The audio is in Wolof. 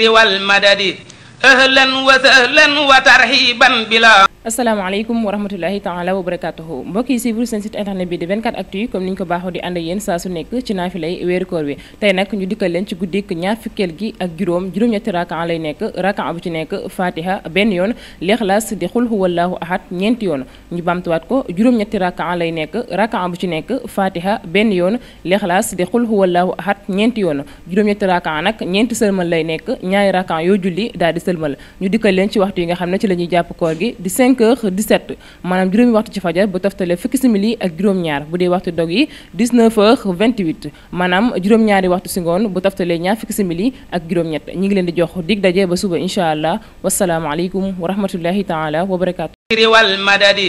wal madadi ahlan wa sahlan wa tarhiban bila asalaamaaleykum wa rahmatulahi taala wa barakatuhu mbokk yi suivre seen site internet bi di 24 actu yi comme ni ñu ko baaxoo di ànd ak yéen saa su nekk ci naafilay weeru koor wi tey nag ñu dikkal leen ci guddik ñaar fukkeel gi ak juróom juróom-ñetti rakan lay nekk rakan bu ci nekk fatiha benn yoon lexlaas di xul huwallahu ahad ñeenti yoon ñu bamtuwaat ko juróom-ñetti rakan lay nekk rakan bu ci nekk fatiha benn yoon lexlaas di xul huwallahu ahad ñeenti yoon juróom-ñetti rakan nag ñeenti sëlmal lay nekk ñaari rakan yoo julli daal di sëlmal ñu dikkal leen ci waxtu yi nga xam ne ci la ñuy jàpp koor gi di 5 juróomi waxtu ci fajar ba toftale fukki ak juróom-ñaar bu dee waxtu dog yi juróom-ñaari waxtu si ngoon bu toftalee ñaar fukki ak juróom-ñett ñi ngi leen di jox dig ba suba incha allah wasalaamaaleykum wa rahmatullahi taala wa barakaatu. madadi